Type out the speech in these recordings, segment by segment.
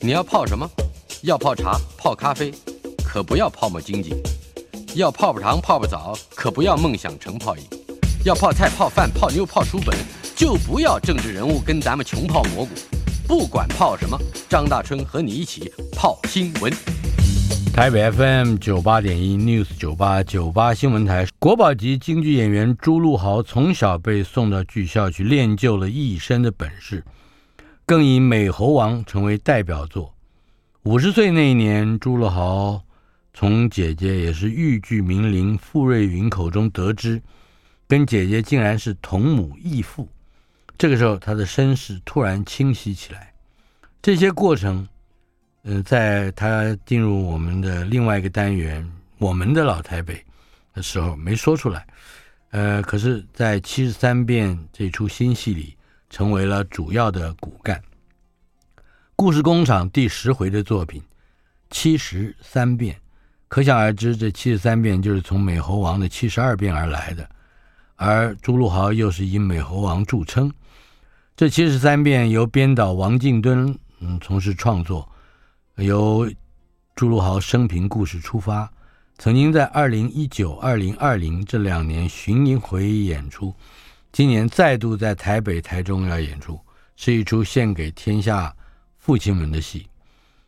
你要泡什麼？要泡茶、泡咖啡，可不要泡沫經濟；要泡泡糖、泡泡澡，可不要夢想成泡影；要泡菜、泡飯、泡妞、泡書本，就不要政治人物跟咱們窮泡蘑菇。不管泡什麼，張大春和你一起泡新聞。台北 FM 九八點一 News 九八九八新聞台，國寶級京劇演員朱陸豪從小被送到劇校去，練就了一身的本事。更以美猴王成為代表作。五十歲那一年，朱陸豪從姐姐也是豫劇名伶傅瑞雲口中得知，跟姐姐竟然是同母異父。這個時候，他的身世突然清晰起來。這些過程，嗯、呃，在他進入我們的另外一個單元《我們的老台北》的時候沒說出來，呃，可是，在《七十三變》這齣新戲裡。成為了主要的骨幹。故事工廠第十回的作品《七十三變》，可想而知，這七十三變就是從美猴王的七十二變而來的。而朱陸豪又是以美猴王著稱。這七十三變由編導王靖惇嗯從事創作，由朱陸豪生平故事出發，曾經在二零一九、二零二零這兩年巡迴演出。今年再度在台北、台中要演出，是一齣獻給天下父親們的戲。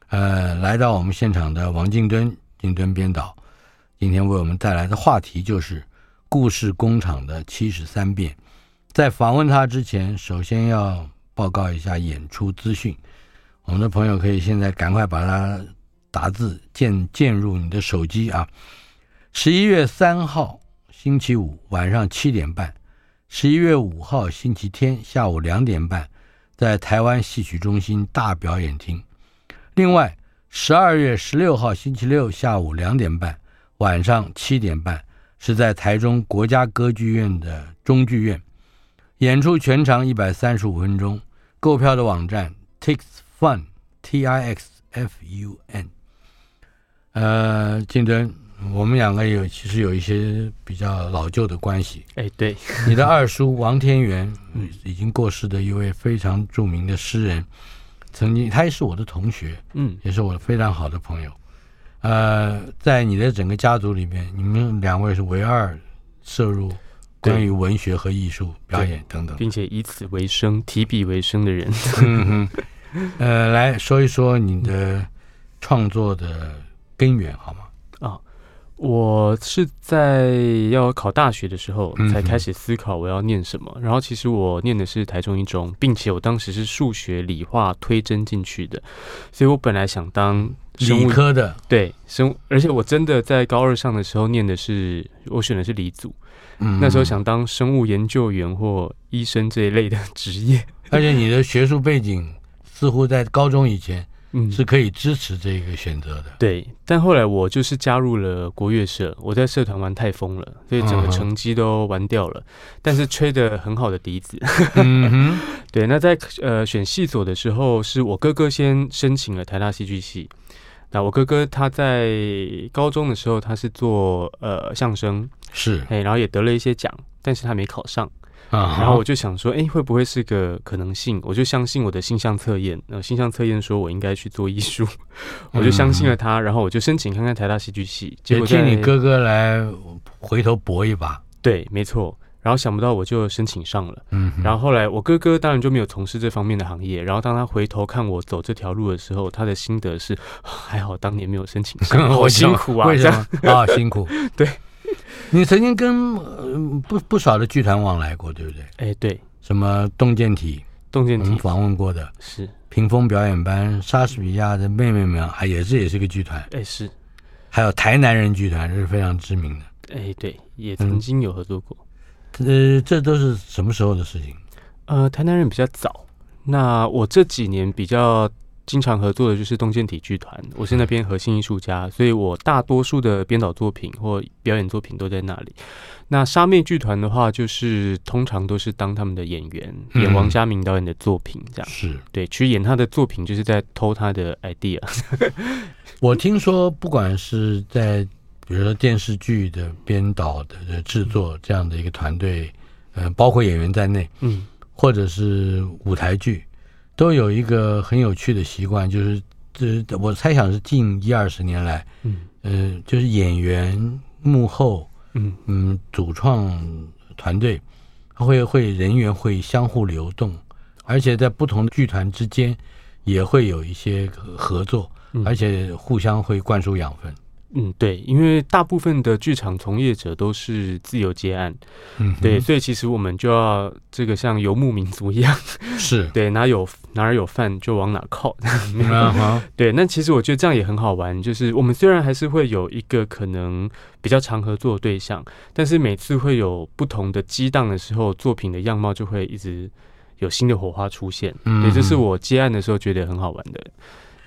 呃，來到我們現場的王靖惇，靖惇編導，今天為我們帶來的話題就是《故事工廠》的七十三變。在訪問他之前，首先要報告一下演出資訊。我們的朋友可以現在趕快把它打字鍵鍵入你的手機啊！十一月三號星期五晚上七點半。十一月五號星期天下午兩點半，在台灣戲曲中心大表演廳。另外，十二月十六號星期六下午兩點半、晚上七點半，是在台中國家歌劇院的中劇院演出，全長一百三十五分鐘。購票的網站：Tix Fun T I X F U N。呃，競我們兩個有其實有一些比較老舊的關係。哎，對，你的二叔王天元，已經過世的一位非常著名的詩人，曾經他也是我的同學，嗯，也是我非常好的朋友。呃，在你的整個家族裡面，你們兩位是唯二涉入關於文學和藝術表演等等，並且以此為生、提筆為生的人。嗯嗯嗯，呃，來說一說你的創作的根源好嗎？我是在要考大學的時候才開始思考我要念什麼、嗯，然後其實我念的是台中一中，並且我當時是數學、理化推甄進去的，所以我本來想當生物理科的，對，生，而且我真的在高二上的時候念的是我選的是理組、嗯，那時候想當生物研究員或醫生這一類的職業。而且你的學術背景似乎在高中以前。嗯，是可以支持這個選擇的、嗯。對，但後來我就是加入了國樂社，我在社團玩太瘋了，所以整個成績都玩掉了，嗯、但是吹的很好的笛子。 嗯、對，那在呃選戲所的時候，是我哥哥先申請了台大戲劇系。那我哥哥他在高中的時候，他是做呃相聲，是哎，然後也得了一些獎，但是他沒考上。嗯、然後我就想說，哎，會不會是個可能性？我就相信我的性向測驗，那性向測驗說我應該去做藝術，我就相信了他。然後我就申請看看台大戲劇系，就替你哥哥來回頭搏一把。對，沒錯。然後想不到我就申請上了。嗯。然後後來我哥哥當然就沒有從事這方面的行業。然後當他回頭看我走這條路的時候，他的心得是：哦、還好當年沒有申請上， 好辛苦啊！為什麼啊？好好辛苦 對。你曾經跟不不少的劇團往來過，對不對？哎、欸，對，什麼動見體，動見體，我們訪問過的，是屏風表演班、莎士比亞的妹妹們，還、啊、也是也是一個劇團，哎、欸、是，還有台南人劇團是非常知名的，哎、欸、對，也曾經有合作過、嗯，呃，這都是什麼時候的事情？呃，台南人比較早，那我這幾年比較。經常合作的就是動見體劇團，我是那邊核心藝術家，所以我大多數的編導作品或表演作品都在那裡。那莎妹劇團的話，就是通常都是當他們的演員、嗯、演王嘉明導演的作品，這樣是對。其實演他的作品就是在偷他的 idea。我聽說，不管是在比如說電視劇的編導的制作、嗯、這樣的一個團隊，嗯、呃，包括演員在內，嗯，或者是舞台劇。都有一個很有趣的習慣，就是這，我猜想是近一二十年來，嗯，呃，就是演員幕後，嗯嗯，主創團隊他會會人員會相互流動，而且在不同的劇團之間也會有一些合作，而且互相會灌輸養分。嗯，對，因為大部分的劇場從業者都是自由接案，嗯，對，所以其實我們就要這個像游牧民族一樣，是 對，哪有哪兒有飯就往哪靠。啊、 對，那其實我覺得這樣也很好玩，就是我們雖然還是會有一個可能比較常合作的對象，但是每次會有不同的激盪的時候，作品的樣貌就會一直有新的火花出現，也、嗯、就是我接案的時候覺得很好玩的。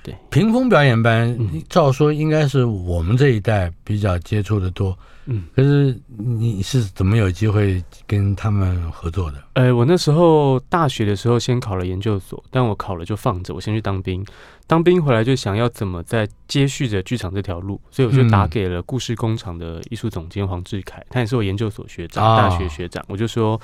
對，屏風表演班，照說應該是我們這一代比較接觸的多。嗯，可是你是怎麼有機會跟他們合作的？呃，我那時候大學的時候先考了研究所，但我考了就放着，我先去當兵。當兵回來就想要怎麼再接續着劇場這條路，所以我就打給了故事工廠的藝術總監黃志凱，他也是我研究所學長，哦、大學學長，我就說。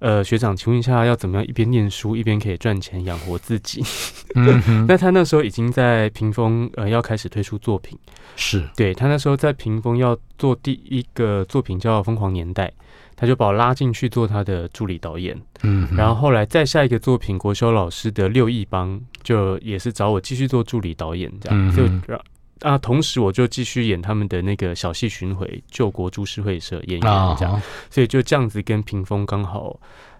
呃，學長，請問一下，要怎麼樣一邊念書一邊可以賺錢養活自己？ 嗯、哼 那他那時候已經在屏風，呃，要開始推出作品。是。對，他那時候在屏風要做第一個作品叫《瘋狂年代》，他就把我拉進去做他的助理導演。嗯，然後後來再下一個作品，國修老師的《六義幫》，就也是找我繼續做助理導演，這樣就讓。嗯啊！同時，我就繼續演他們的那個小戲巡回救國株式會社演員、哦、這樣，所以就這樣子跟屏風剛好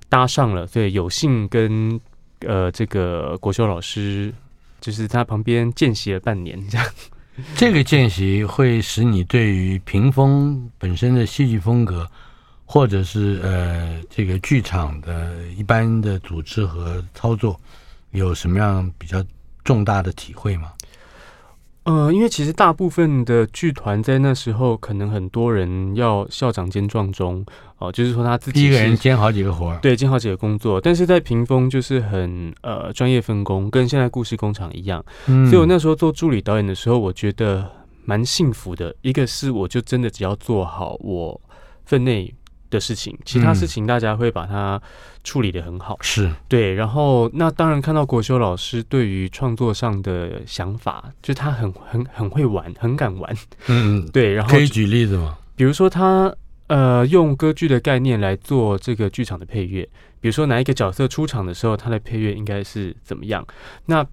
搭上了，所以有幸跟呃這個國修老師，就是他旁邊見習了半年這樣。這個見習會使你對於屏風本身的戲劇風格，或者是呃這個劇場的一般的組織和操作，有什麼樣比較重大的體會嗎？呃，因為其實大部分的劇團在那時候，可能很多人要校長兼撞鐘，哦、呃，就是說他自己一個人兼好幾個活兒，對，兼好幾個工作。但是在屏風就是很呃專業分工，跟現在故事工廠一樣、嗯。所以我那時候做助理導演的時候，我覺得蠻幸福的。一個是我就真的只要做好我分內。的事情，其他事情大家會把它處理得很好。嗯、是對，然後那當然看到國修老師對於創作上的想法，就他很很很會玩，很敢玩。嗯嗯，對。然後可以舉例子嗎？比如說他呃用歌劇的概念來做這個劇場的配樂，比如說哪一個角色出場的時候，他的配樂應該是怎麼樣？那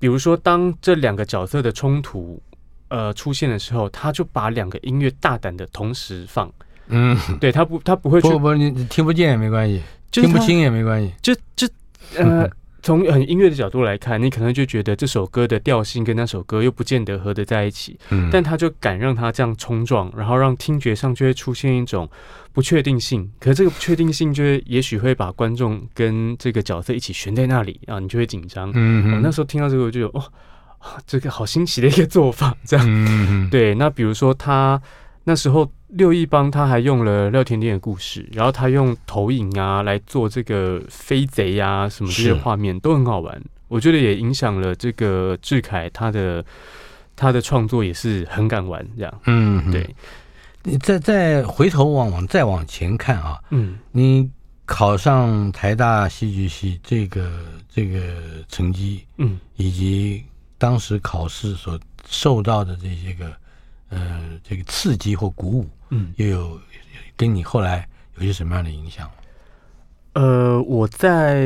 比如說當這兩個角色的衝突呃出現的時候，他就把兩個音樂大膽的同時放。嗯， 對他不，他不會不不，你聽不見也沒關係，聽不清也沒關係。就就呃，從很音樂的角度來看， 你可能就覺得這首歌的調性跟那首歌又不見得合得在一起，嗯，但他就敢讓他這樣衝撞，然後讓聽覺上就會出現一種不確定性。可是這個不確定性就也許會把觀眾跟這個角色一起懸在那裡啊，你就會緊張。嗯，嗯，我、哦、那時候聽到這個有，我就哦、啊，這個好新奇的一個做法，這樣。嗯，嗯嗯。對，那比如說他那時候。六一幫他還用了廖添丁的故事，然後他用投影啊來做這個飛賊呀、啊、什麼這些畫面都很好玩，我覺得也影響了這個志凱他的他的創作也是很敢玩這樣。嗯，對。你再再回頭往往再往前看啊，嗯，你考上台大戲劇系這個這個成績，嗯，以及當時考試所受到的這些個呃這個刺激或鼓舞。嗯，又有跟你後來有些什麼樣的影響？呃，我在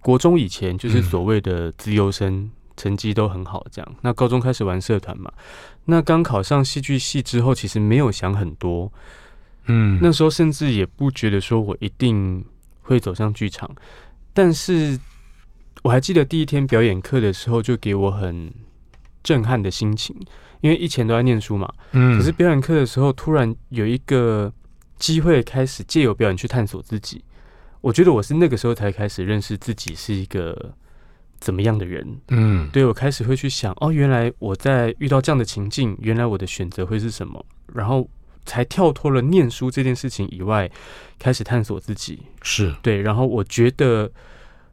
國中以前就是所謂的資優生，嗯、成績都很好，這樣。那高中開始玩社團嘛，那剛考上戲劇系之後，其實沒有想很多。嗯，那時候甚至也不覺得說我一定會走上劇場，但是我還記得第一天表演課的時候，就給我很震撼的心情。因為以前都在念書嘛，嗯，可是表演課的時候，突然有一個機會，開始借由表演去探索自己。我覺得我是那個時候才開始認識自己是一個怎麼樣的人，嗯，對，我開始會去想，哦，原來我在遇到這樣的情境，原來我的選擇會是什麼，然後才跳脫了念書這件事情以外，開始探索自己。是。對，然後我覺得，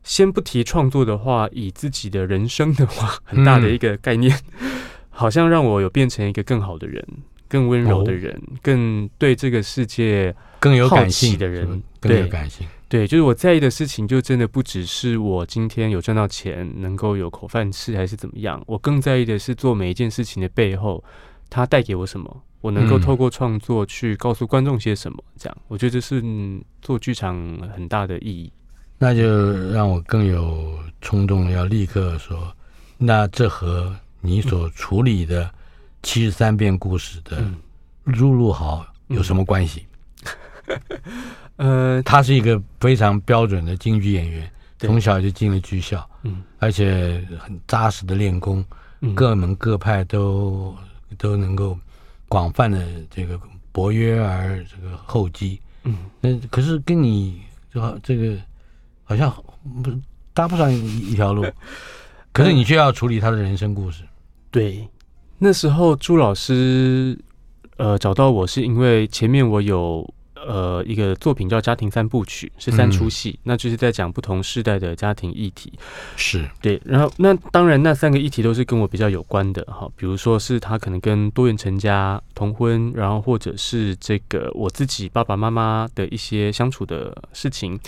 先不提創作的話，以自己的人生的話，很大的一個概念。嗯好像讓我有變成一個更好的人，更溫柔的人更，更對這個世界是是更有感性的人，更有感性。對，就是我在意的事情，就真的不只是我今天有賺到錢，能夠有口飯吃，還是怎麼樣。我更在意的是做每一件事情的背後，它帶給我什麼。我能夠透過創作去告訴觀眾些什麼，嗯，這樣，我覺得這是做劇場很大的意義。那就讓我更有衝動，要立刻說，那這和。你所處理的七十三變故事的入路好有什麼關係？ 呃，他是一個非常標準的京劇演員，從小就進了劇校，嗯，而且很扎實的練功，嗯、各門各派都、嗯、都能夠廣泛的這個博約而這個厚積，嗯，那可是跟你這這個好像不是搭不上一條路， 可是你卻要處理他的人生故事。對，那時候朱老師，呃，找到我是因為前面我有呃一個作品叫《家庭三部曲》，是三出戲、嗯，那就是在講不同世代的家庭議題。是，對。然後那當然那三個議題都是跟我比較有關的哈，比如說是他可能跟多元成家、同婚，然後或者是這個我自己爸爸媽媽的一些相處的事情。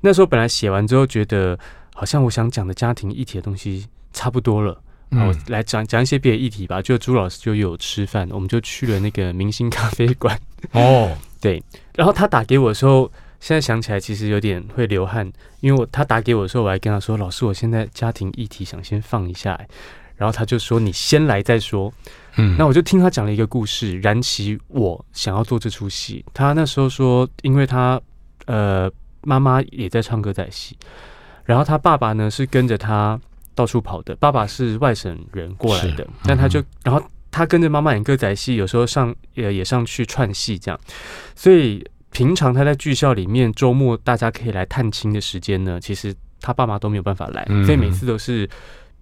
那時候本來寫完之後，覺得好像我想講的家庭議題的東西差不多了。啊、我來講講一些別的議題吧。就朱老師就有吃飯，我們就去了那個明星咖啡館。哦、oh.，對。然後他打給我的時候，現在想起來其實有點會流汗，因為我他打給我的時候，我還跟他說：“老師，我現在家庭議題想先放一下、欸。”然後他就說：“你先來再說。”嗯。那我就聽他講了一個故事，燃起我想要做這出戲。他那時候說，因為他呃媽媽也在唱歌仔戲，然後他爸爸呢是跟着他。到處跑的，爸爸是外省人過來的，嗯、但他就然後他跟着媽媽演歌仔戲，有時候上也也上去串戲這樣，所以平常他在劇校裡面，周末大家可以來探親的時間呢，其實他爸媽都沒有辦法來，嗯、所以每次都是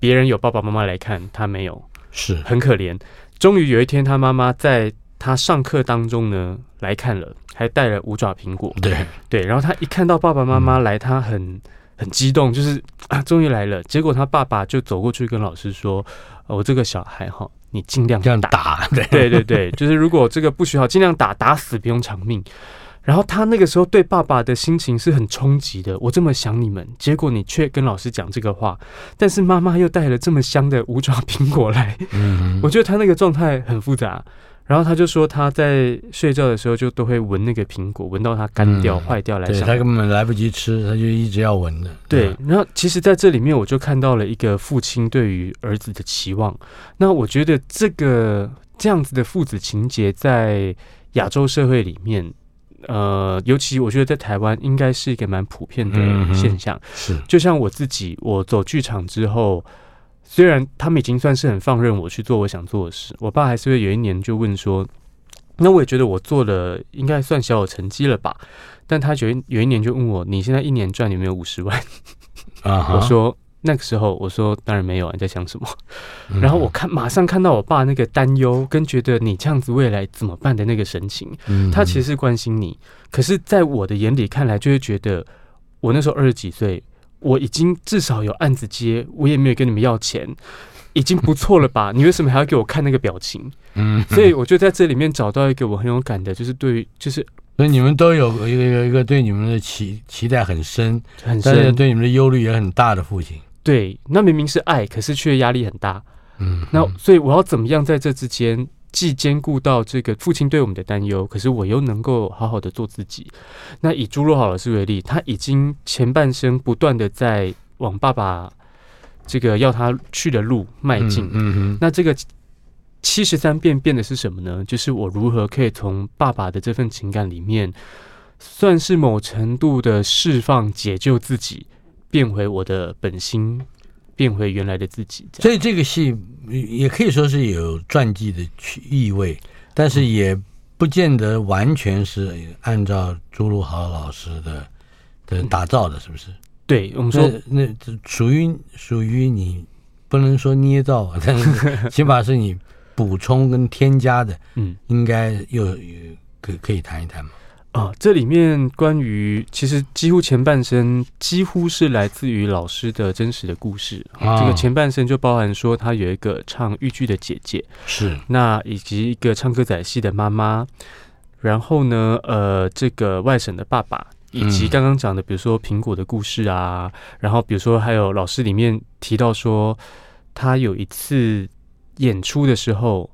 別人有爸爸媽媽來看他沒有，是很可憐。終於有一天，他媽媽在他上課當中呢來看了，還帶了五爪蘋果，對對，然後他一看到爸爸媽媽來，嗯、他很。很激動，就是啊，終於來了。結果他爸爸就走過去跟老師說：“我、哦、這個小孩哈，你盡量這樣打，對對對 就是如果這個不需要，盡量打，打死不用償命。”然後他那個時候對爸爸的心情是很衝擊的，我這麼想你們，結果你卻跟老師講這個話，但是媽媽又帶了這麼香的五爪蘋果來，嗯嗯 我覺得他那個狀態很複雜。然後他就說，他在睡覺的時候就都會聞那個蘋果，聞到它乾掉、壞掉來、嗯。對，他根本來不及吃，他就一直要聞的。對，嗯、然後其實，在這裡面我就看到了一個父親對於兒子的期望。那我覺得這個這樣子的父子情結，在亞洲社會裡面，呃，尤其我覺得在台灣應該是一個蠻普遍的現象、嗯。是，就像我自己，我走劇場之後。雖然他們已經算是很放任我去做我想做的事，我爸還是會有一年就問說：“那我也覺得我做了應該算小有成績了吧？”但他覺得有一年就問我：“你現在一年賺有沒有五十萬？” uh -huh. 我說：“那個時候我說當然沒有啊，你在想什麼？”然後我看馬上看到我爸那個擔憂跟覺得你這樣子未來怎麼辦的那個神情，他其實是關心你，可是，在我的眼裡看來，就會覺得我那時候二十幾歲。我已經至少有案子接，我也沒有跟你們要錢，已經不錯了吧？ 你為什麼還要給我看那個表情？嗯， 所以我就在這裡面找到一個我很有感的，就是對於，就是所以你們都有一個、一個對你們的期期待很深，很深，對你們的憂慮也很大的父親。對，那明明是愛，可是却壓力很大。嗯， 那所以我要怎麼樣在這之間？既兼顧到這個父親對我們的擔憂，可是我又能夠好好的做自己。那以朱陸豪老師為例，他已經前半生不斷的在往爸爸這個要他去的路邁進嗯。嗯哼。那這個七十三變變的是什麼呢？就是我如何可以從爸爸的這份情感裡面，算是某程度的釋放、解救自己，變回我的本心。變回原來的自己，所以這個戲也可以說是有傳記的意味，但是也不見得完全是按照朱陸豪老師的的打造的，是不是，嗯。對，我們說，那，那屬於屬於你，不能說捏造，但是起碼是你補充跟添加的，嗯， 應該又可可以談一談嘛。啊、哦，這裡面關於其實幾乎前半生幾乎是來自於老師的真實的故事。啊、這個前半生就包含說他有一個唱豫劇的姐姐，是那以及一個唱歌仔戲的媽媽。然後呢，呃，這個外省的爸爸，以及剛剛講的，比如說蘋果的故事啊、嗯，然後比如說還有老師裡面提到說，他有一次演出的時候，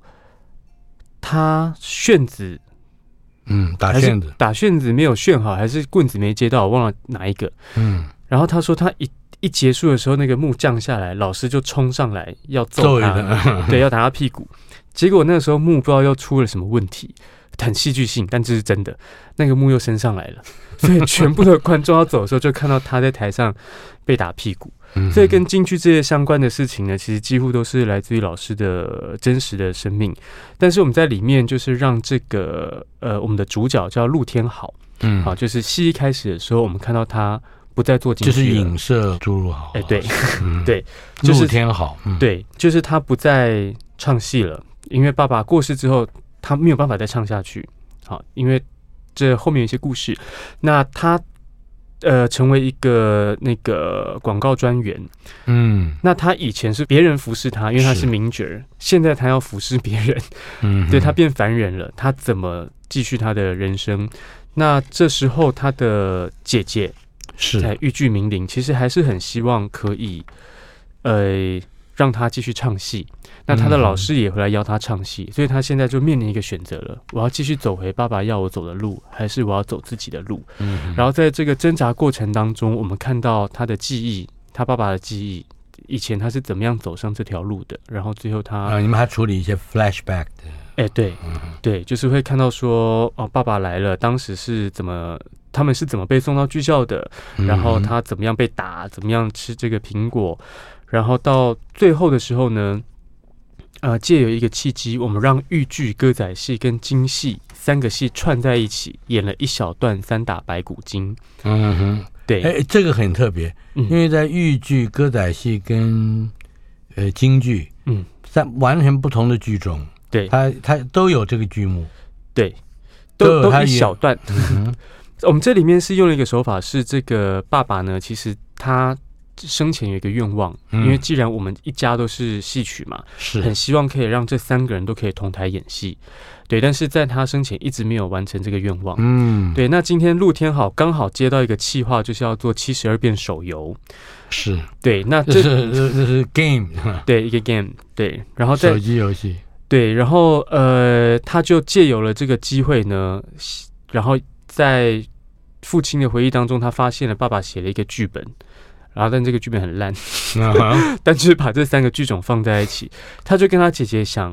他炫子。嗯，打旋子，打旋子沒有旋好，還是棍子沒接到，我忘了哪一個。嗯，然後他說他一一結束的時候，那個幕降下來，老師就衝上來要揍他，對，對，要打他屁股。 結果那個時候幕不知道又出了什麼問題，很戲劇性，但這是真的。那個幕又升上來了。 對，全部的觀眾要走的時候，就看到他在台上被打屁股。嗯、所以跟京劇這些相關的事情呢，其實幾乎都是來自於老師的真實的生命。但是我們在裡面就是讓這個呃，我們的主角叫陸天好，嗯，好，就是戲一開始的時候、嗯，我們看到他不再做京劇，就是影射朱陸豪。好，哎，對，嗯、 對，是天好、就是嗯，對，就是他不再唱戲了，因為爸爸過世之後，他沒有辦法再唱下去，好，因為。這後面有一些故事，那他呃成為一個那個廣告專員，嗯，那他以前是別人服侍他，因為他是名角，現在他要服侍別人，嗯，對他變凡人了，他怎麼繼續他的人生？那這時候他的姐姐才是在豫劇名伶，其實還是很希望可以，呃。讓他繼續唱戲，那他的老師也回來邀他唱戲、嗯，所以他現在就面臨一個選擇了：我要繼續走回爸爸要我走的路，還是我要走自己的路？嗯。然後在這個掙扎過程當中，我們看到他的記憶，他爸爸的記憶，以前他是怎麼樣走上這條路的？然後最後他……啊，你們還處理一些 flashback 的？哎、欸，對、嗯，對，就是會看到說哦、啊，爸爸來了，當時是怎麼？他們是怎麼被送到劇校的？然後他怎麼樣被打？怎麼樣吃這個蘋果？然後到最後的時候呢，呃、啊，借由一個契機，我們讓豫劇、歌仔戲跟京戲三個戲串在一起，演了一小段《三打白骨精》。嗯哼，對，哎、欸，這個很特別，嗯、因為在豫劇、歌仔戲跟、呃、京劇，嗯，三完全不同的劇種，對，它它都有這個劇目，對，都，都有它一,一小段。 我們這裡面是用了一個手法，是這個爸爸呢，其實他。生前有一個願望，因為既然我們一家都是戲曲嘛，嗯、是很希望可以讓這三個人都可以同台演戲，對。但是在他生前一直沒有完成這個願望，嗯，對。那今天陸豪剛好接到一個企劃，就是要做七十二變手遊，是對，那這是是，是，是 game，對，一個 game，對。然後在手機遊戲，對，然後呃，他就藉由了這個機會呢，然後在父親的回憶當中，他發現了爸爸寫了一個劇本。然、啊、後，但這個劇本很爛， uh -huh. 但就是把這三個劇種放在一起，他就跟他姐姐想，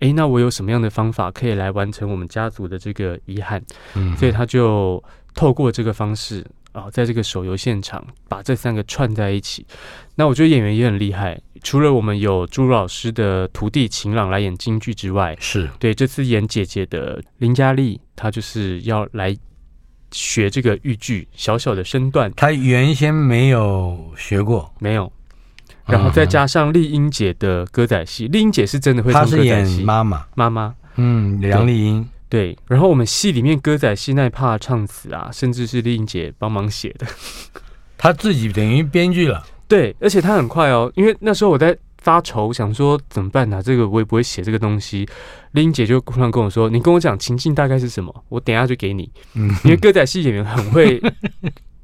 哎、欸，那我有什麼樣的方法可以來完成我們家族的這個遺憾？Uh -huh. 所以他就透過這個方式啊，在這個手遊現場把這三個串在一起。那我覺得演員也很厲害，除了我們有朱老師的徒弟秦朗來演京劇之外，是對這次演姐姐的林佳麗，她就是要來。學這個豫劇，小小的身段，他原先沒有學過，沒有。然後再加上麗英姐的歌仔戲，嗯嗯，麗英姐是真的會唱歌仔戲。媽媽，媽媽，嗯，梁麗英，對。然後我們戲裡面歌仔戲哪怕唱詞啊，甚至是麗英姐幫忙寫的，他自己等於編劇了。對，而且他很快哦，因為那時候我在。發愁，想說怎麼辦呢？啊，這個我也不會寫這個東西。麗英姐就突然跟我說：“嗯、你跟我講情境大概是什麼，我等一下就給你。嗯”因為歌仔戲演員很會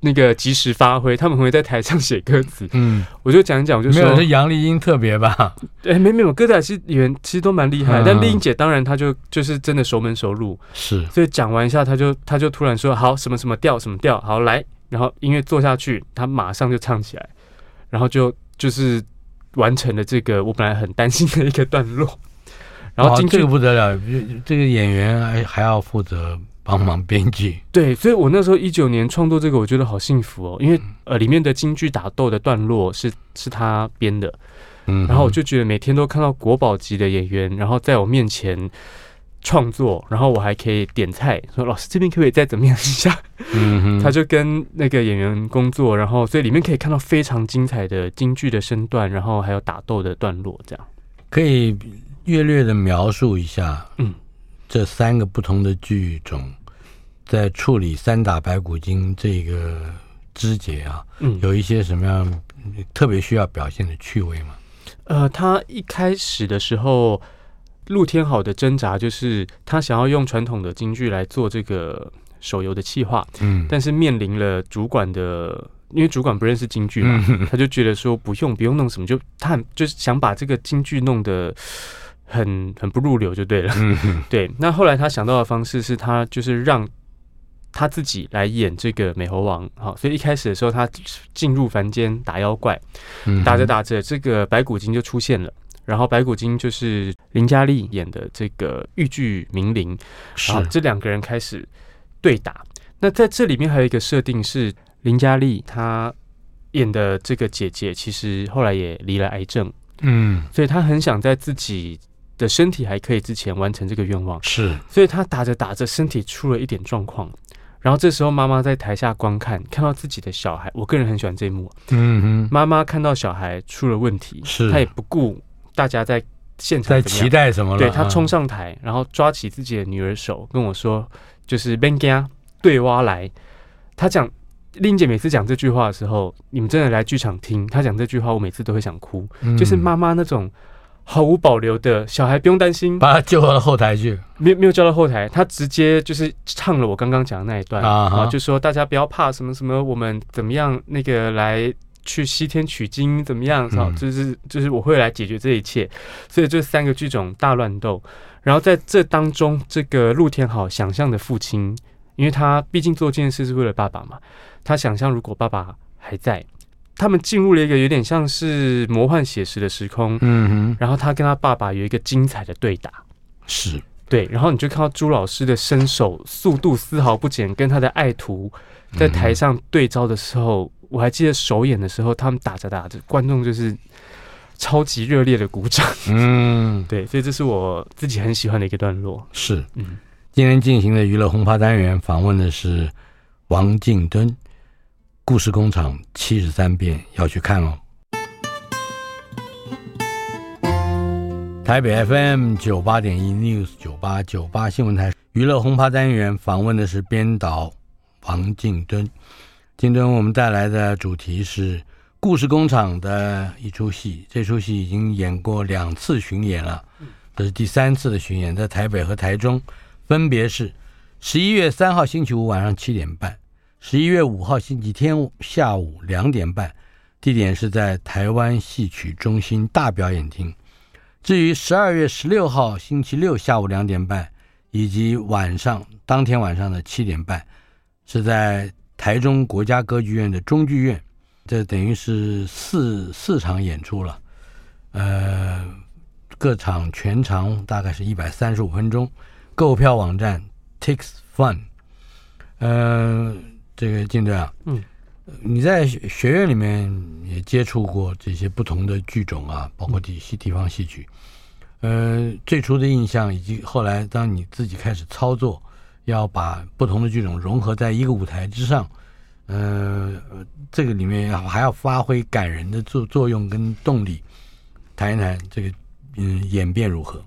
那個及時發揮， 他們很會在台上寫歌詞。嗯，我就講一講，就沒有是楊麗英特別吧？誒、欸，沒沒有歌仔戲演員其實都蠻厲害，嗯，但麗英姐當然她就就是真的熟門熟路。是，所以講完一下，她就她就突然說：“好，什麼什麼調，什麼調，好來。”然後音樂做下去，她馬上就唱起來，然後就就是。完成了這個，我本來很擔心的一個段落。然後這個、哦，不得了，這個演員還還要負責幫忙編劇、嗯。對，所以，我那時候一九年創作這個，我覺得好幸福哦，因為呃，裡面的京劇打鬥的段落是是他編的，嗯，然後我就覺得每天都看到國寶級的演員，然後在我面前創作，然後我還可以點菜，說老師這邊可不可以再怎麼樣一下？嗯哼， 他就跟那個演員工作，然後所以裡面可以看到非常精彩的京劇的身段，然後還有打鬥的段落，這樣可以略略的描述一下。嗯，這三個不同的劇種在處理《三打白骨精》這個肢節啊，嗯，有一些什麼樣特別需要表現的趣味嗎？呃，他一開始的時候。陸天豪的掙扎就是他想要用傳統的京劇來做這個手遊的企劃，嗯，但是面臨了主管的，因為主管不認識京劇嘛、嗯，他就覺得說不用不用弄什麼，就他就是想把這個京劇弄得很很不入流就對了、嗯，對。那後來他想到的方式是他就是讓他自己來演這個美猴王，好，所以一開始的時候他進入凡間打妖怪，嗯、打着打着這個白骨精就出現了。然後白骨精就是林佳麗演的這個豫劇名伶，然後這兩個人開始對打。那在這裡面還有一個設定是，林佳麗她演的這個姐姐，其實後來也罹了癌症，嗯，所以她很想在自己的身體還可以之前完成這個願望。是，所以她打着打着，身體出了一點狀況。然後這時候媽媽在台下觀看，看到自己的小孩，我個人很喜歡這一幕。嗯哼，媽媽看到小孩出了問題，是她也不顧。大家在現場在期待什麼？對，他衝上臺，然後抓起自己的女兒手，跟我說：“就是 Ben 對挖來。”他講令姐每次講這句話的時候，你們真的來劇場聽他講這句話，我每次都會想哭，就是媽媽那種毫無保留的。小孩不用擔心，把他叫到後台去，沒有沒有叫到後台，他直接就是唱了我剛剛講的那一段啊，就說大家不要怕什麼什麼，我們怎麼樣那個來。去西天取經怎麼樣？好，就是就是我會來解決這一切，所以這三個劇種大亂鬥。然後在這當中，這個陸豪想象的父親，因為他畢竟做這件事是為了爸爸嘛，他想象如果爸爸還在，他們進入了一個有點像是魔幻寫實的時空。嗯哼，然後他跟他爸爸有一個精彩的對打，是對。然後你就看到朱老師的身手速度絲毫不減，跟他的愛徒在台上對招的時候。嗯我還記得首演的時候，他們打着打着，觀眾就是超級熱烈的鼓掌。嗯，對，所以這是我自己很喜歡的一個段落。是，嗯，今天進行的娛樂轟趴單元訪問的是王靖惇，《故事工廠》七十三變要去看哦。 台北 FM 九八點一 News 九八九八新聞台娛樂轟趴單元訪問的是編導王靖惇。今天我們帶來的主題是《故事工廠》的一出戲，這出戲已經演過兩次巡演了，這是第三次的巡演，在台北和台中，分別是十一月三號星期五晚上七點半，十一月五號星期天下午兩點半，地點是在台灣戲曲中心大表演廳。至於十二月十六號星期六下午兩點半以及晚上當天晚上的七點半，是在，台中國家歌劇院的中劇院，這等於是四四場演出了，呃，各場全長大概是一百三十五分鐘。購票網站 TixFun。呃，這個靖惇啊，嗯，你在學院裡面也接觸過這些不同的劇種啊，包括地戲、地方戲曲。呃，最初的印象以及後來當你自己開始操作。要把不同的劇種融合在一個舞台之上，呃，這個裡面還要發揮感人的作作用跟動力，談一談這個嗯演變如何？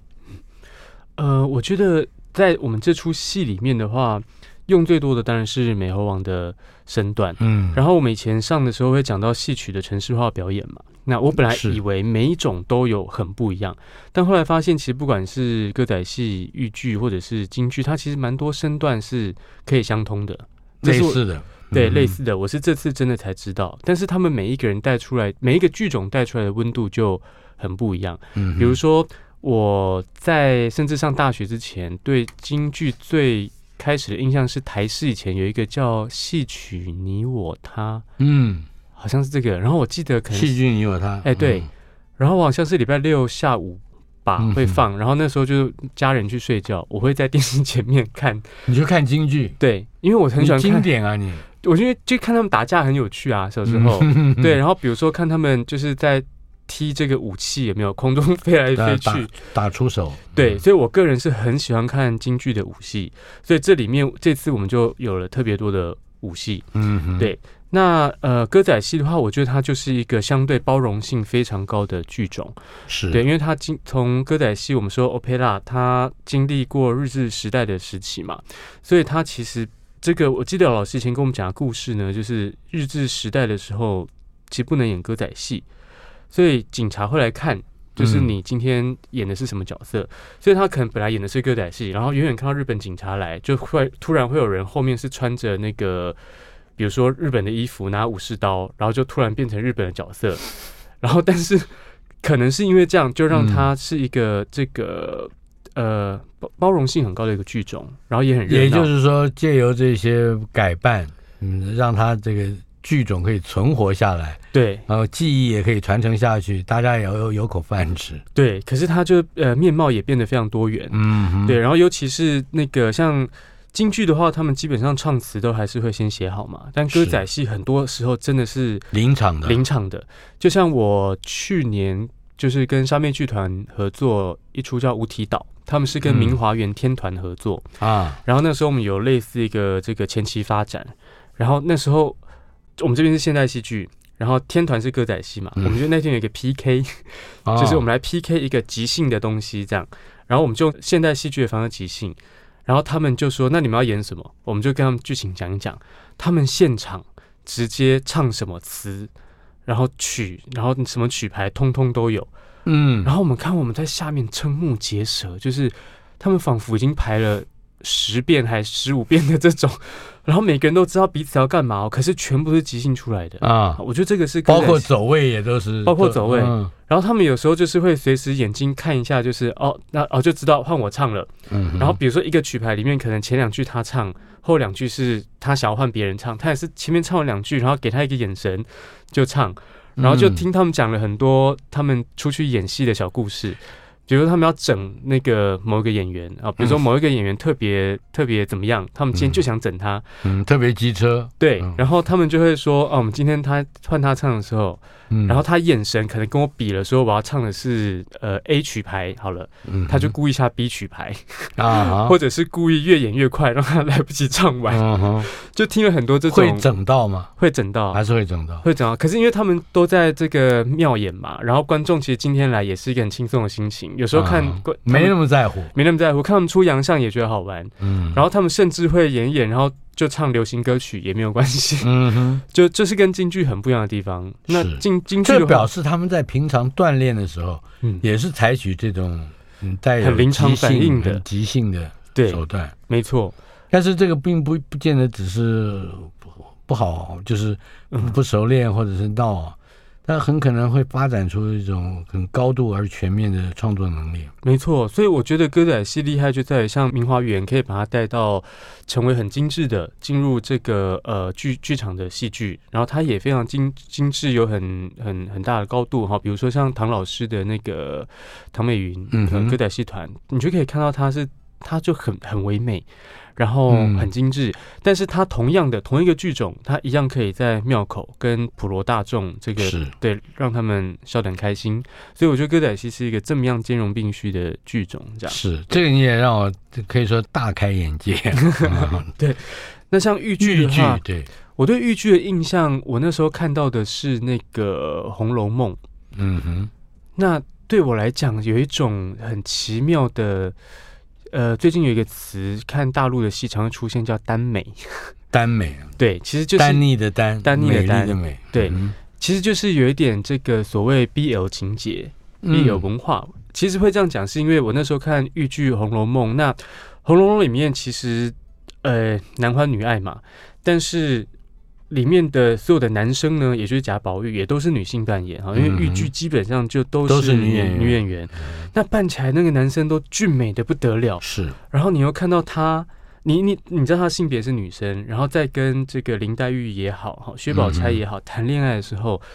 呃，我覺得在我們這出戲裡面的話。用最多的當然是美猴王的身段的，嗯，然後我們以前上的時候會講到戲曲的程式化表演嘛。那我本來以為每一種都有很不一樣，但後來發現其實不管是歌仔戲、豫劇或者是京劇，它其實蠻多身段是可以相通的，這是類似的，對、嗯，類似的。我是這次真的才知道，但是他們每一個人帶出來，每一個劇種帶出來的溫度就很不一樣。嗯，比如說我在甚至上大學之前對京劇最。開始的印象是台視以前有一個叫戲曲你我他，嗯，好像是這個。然後我記得可能戲劇你我他，哎、嗯欸、對，然後好像是禮拜六下午吧、嗯、會放。然後那時候就家人去睡覺，我會在電視前面看。你就看京劇？對，因為我很喜歡看經典啊你。我覺得就看他們打架很有趣啊，小時候。嗯、 對，然後比如說看他們就是在。踢這個武器有沒有空中飛來飛去？打、打出手。對、嗯，所以我個人是很喜歡看京劇的武戲，所以這裡面這次我們就有了特別多的武戲。嗯哼，對。那呃，歌仔戲的話，我覺得它就是一個相對包容性非常高的劇種。是對，因為它經從歌仔戲，我們說 opera，它經歷過日治時代的時期嘛，所以它其實這個我記得老師以前跟我們講的故事呢，就是日治時代的時候，其實不能演歌仔戲。所以警察會來看，就是你今天演的是什麼角色。嗯、所以他可能本來演的是歌仔戲，然後遠遠看到日本警察來，就會突然會有人後面是穿着那個，比如說日本的衣服，拿武士刀，然後就突然變成日本的角色。然後，但是可能是因為這樣，就讓他是一個這個、嗯、呃包包容性很高的一個劇種，然後也很熱鬧。也就是說，借由這些改扮，嗯，讓他這個。劇種可以存活下來，對，然後記憶也可以傳承下去，大家也有有口飯吃，對。可是他就呃面貌也變得非常多元，嗯，對。然後尤其是那個像京劇的話，他們基本上唱詞都還是會先寫好嘛，但歌仔戲很多時候真的是臨場的臨場的。就像我去年就是跟沙面劇團合作一出叫《無題島》，他們是跟明華園天團合作、嗯、啊。然後那時候我們有類似一個這個前期發展，然後那時候。我們這邊是現代戲劇，然後天團是歌仔戲嘛。我們就那天有一個 PK、嗯、 就是我們來 PK 一個即興的東西，這樣。然後我們就現代戲劇的方式即興，然後他們就說：“那你們要演什麼？”我們就跟他們劇情講一講，他們現場直接唱什麼詞，然後曲，然後什麼曲牌，通通都有。嗯，然後我們看我們在下面瞠目結舌，就是他們仿佛已經排了十遍還十五遍的這種。然後每個人都知道彼此要幹嘛，哦，可是全部是即興出來的啊！我覺得這個是包括走位也都是，包括走位。嗯。然後他們有時候就是會隨時眼睛看一下，就是哦，那哦就知道換我唱了。嗯。然後比如說一個曲牌裡面，可能前兩句他唱，後兩句是他想要換別人唱。他也是前面唱了兩句，然後給他一個眼神就唱，然後就聽他們講了很多他們出去演戲的小故事。比如說他們要整那個某一個演員啊，比如說某一個演員特別、嗯、特別怎麼樣，他們今天就想整他。嗯，特別機車。對，嗯、然後他們就會說，哦、啊，我們今天他換他唱的時候、嗯，然後他眼神可能跟我比了，說我要唱的是呃 A 曲牌好了，他就故意下 B 曲牌啊，嗯、 或者是故意越演越快，讓他來不及唱完。嗯、 就聽了很多這種會整到嗎？會整到，還是會整到？會整到。可是因為他們都在這個廟演嘛，然後觀眾其實今天來也是一個很輕鬆的心情。有時候看、嗯，沒那麼在乎，沒那麼在乎，看他們出洋相也覺得好玩。嗯，然後他們甚至會演一演，然後就唱流行歌曲也沒有關係。嗯哼，就這、就是跟京劇很不一樣的地方。那京京劇就表示他們在平常鍛鍊的時候，嗯，也是採取這種很很臨場反應的很即興的手段。對沒錯。但是這個並不不見得只是不不好，就是不熟練或者是鬧。嗯那很可能會發展出一種很高度而全面的創作能力。沒錯，所以我覺得歌仔戲厲害就在於像明華園可以把它帶到成為很精致的進入這個呃劇劇場的戲劇，然後它也非常精精致，有很很很大的高度哈。比如說像唐老師的那個唐美雲，嗯和歌仔戲團、嗯，你就可以看到它是它就很很唯美。然後很精緻、嗯，但是它同樣的同一個劇種，它一樣可以在廟口跟普羅大眾，這個是對，讓他們笑得很開心，所以我覺得歌仔戲是一個這麼樣兼容並蓄的劇種，這樣是這個你也讓我可以說大開眼界。對， 嗯、 對，那像豫劇的話，對，我對豫劇的印象，我那時候看到的是那個《紅樓夢》，嗯哼，那對我來講有一種很奇妙的。呃，最近有一個詞，看大陸的戲常會出現，叫耽美。耽 美，對，其實就是耽溺的耽，耽溺的耽，美麗的美。對、嗯，其實就是有一點這個所謂 BL 情節、BL 文化。嗯、其實會這樣講，是因為我那時候看豫劇《紅樓夢》，那《紅樓夢》裡面其實呃男歡女愛嘛，但是。裡面的所有的男生呢，也就是賈寶玉，也都是女性扮演啊、嗯，因為豫劇基本上就都是女演都是女演員，演員嗯、那扮起來那個男生都俊美的不得了。是，然後你又看到他，你你你知道他性別是女生，然後再跟這個林黛玉也好，哈薛寶釵也好、嗯、談戀愛的時候、嗯，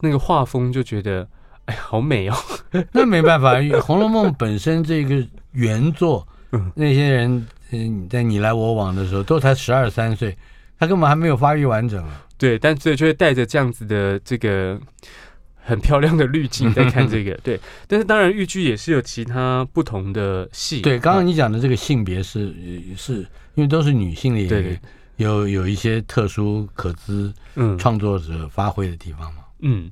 那個畫風就覺得哎好美哦。 那沒辦法，《紅樓夢》本身這個原作，嗯、那些人嗯在你來我往的時候都才十二三歲。他根本還沒有發育完整、啊、對，但是就會帶着這樣子的這個很漂亮的濾鏡在看這個。 對，但是當然豫劇也是有其他不同的戲。對，剛、嗯、剛你講的這個性別是是因為都是女性的演員，有有一些特殊可資創作者發揮的地方嘛？嗯，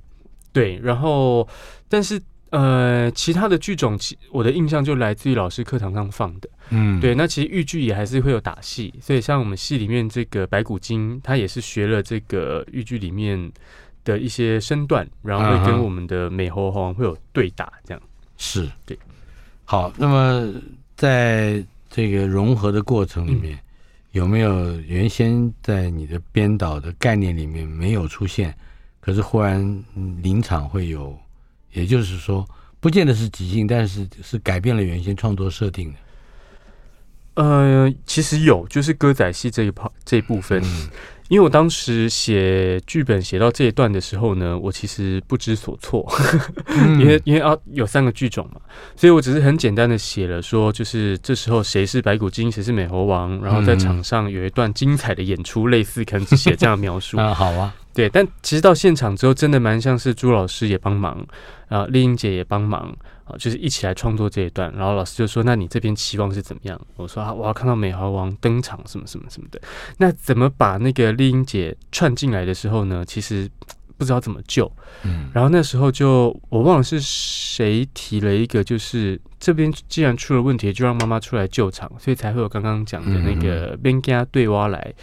對。然後，但是呃，其他的劇種，其我的印象就來自於老師課堂上放的。嗯，對，那其實豫劇也還是會有打戲，所以像我們戲裡面這個白骨精，她也是學了這個豫劇裡面的一些身段，然後會跟我們的美猴王會有對打，這樣是，對。好，那麼在這個融合的過程裡面、嗯，有沒有原先在你的編導的概念裡面沒有出現，可是忽然臨場會有，也就是說，不見得是即興，但是是改變了原先創作設定的。呃，其實有，就是歌仔戲這一 part 這一部分，嗯，因為我當時寫劇本寫到這一段的時候呢，我其實不知所措， 嗯，因為因為啊有三個劇種嘛，所以我只是很簡單的寫了說，就是這時候誰是白骨精，誰是美猴王，然後在場上有一段精彩的演出，類似可能只寫這樣描述啊，嗯 呃，好啊，對，但其實到現場之後，真的蠻像是朱老師也幫忙啊，呃，麗英姐也幫忙。啊，就是一起來創作這一段，然後老師就說：“那你這邊期望是怎麼樣？”我說：“啊，我要看到美猴王登場，什麼什麼什麼的。”那怎麼把那個麗英姐串進來的時候呢？其實不知道怎麼救。嗯，然後那時候就我忘了是誰提了一個，就是這邊既然出了問題，就讓媽媽出來救場，所以才會有剛剛講的那個邊家、嗯、對挖來